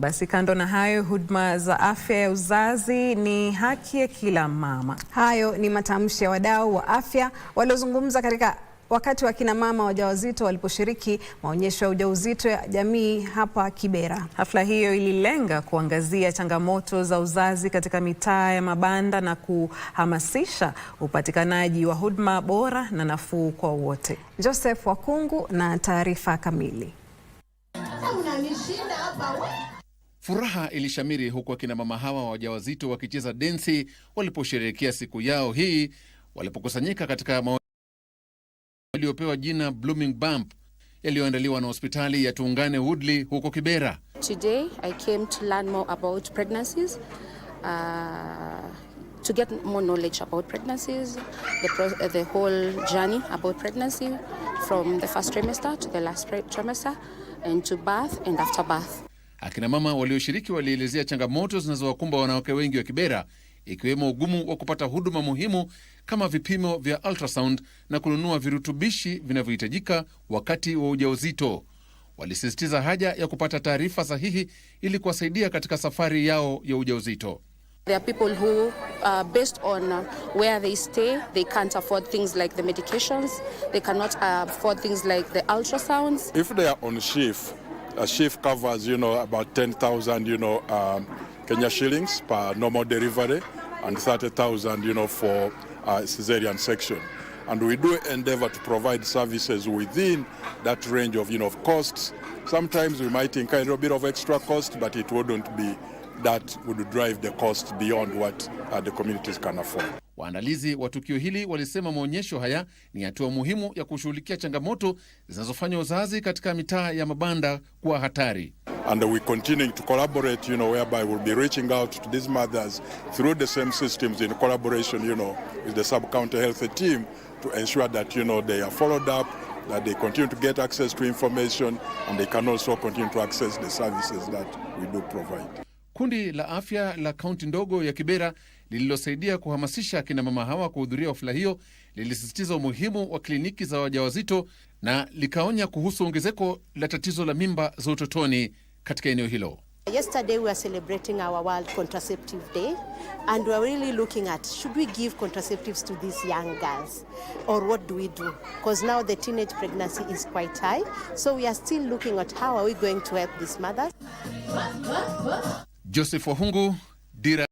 Basi kando na hayo, huduma za afya ya uzazi ni haki ya kila mama. Hayo ni matamshi ya wadau wa afya waliozungumza katika wakati wa kina mama wajawazito waliposhiriki maonyesho ya ujauzito ya jamii hapa Kibera. Hafla hiyo ililenga kuangazia changamoto za uzazi katika mitaa ya mabanda na kuhamasisha upatikanaji wa huduma bora na nafuu kwa wote. Joseph Wakungu na taarifa kamili. Furaha ilishamiri huku akina mama hawa wajawazito wakicheza densi waliposherehekea siku yao hii walipokusanyika katika yaliyopewa jina Blooming Bump yaliyoandaliwa na hospitali ya Tuungane Woodley huko Kibera. Today I came to learn more about pregnancies. Uh, to get more knowledge about pregnancies, the, pro uh, the whole journey about pregnancy from the first trimester to the last trimester and to birth and after birth. Akina mama walioshiriki walielezea changamoto zinazowakumba wanawake wengi wa Kibera, ikiwemo ugumu wa kupata huduma muhimu kama vipimo vya ultrasound na kununua virutubishi vinavyohitajika wakati wa ujauzito. Walisisitiza haja ya kupata taarifa sahihi ili kuwasaidia katika safari yao ya ujauzito. There are people who uh, based on uh, where they stay, they can't afford things like the medications. They cannot afford things like the ultrasounds. If they are on shift, A shift covers, you know, about 10,000, you know, um, Kenya shillings per normal delivery and 30,000, you know, for uh, cesarean section. And we do endeavor to provide services within that range of, you know, of costs. Sometimes we might incur a little bit of extra cost, but it wouldn't be that would drive the cost beyond what uh, the communities can afford. Waandalizi wa tukio hili walisema maonyesho haya ni hatua muhimu ya kushughulikia changamoto zinazofanya uzazi katika mitaa ya mabanda kuwa hatari. And we to collaborate, you know, whereby we'll be reaching out to these mothers through the same systems in collaboration, you know, with the sub-county health team to ensure that, you know, they are followed up, that they continue to get access to information and they can also continue to access the services that we do provide. Kundi la afya la kaunti ndogo ya Kibera lililosaidia kuhamasisha akina mama hawa kuhudhuria hafla hiyo lilisisitiza umuhimu wa kliniki za wajawazito na likaonya kuhusu ongezeko la tatizo la mimba za utotoni katika eneo hilo. Yesterday we are celebrating our World Contraceptive Day and we are really looking at should we give contraceptives to these young girls or what do we do? Because now the teenage pregnancy is quite high so we are still looking at how are we going to help these mothers. Joseph Wahungu, Dira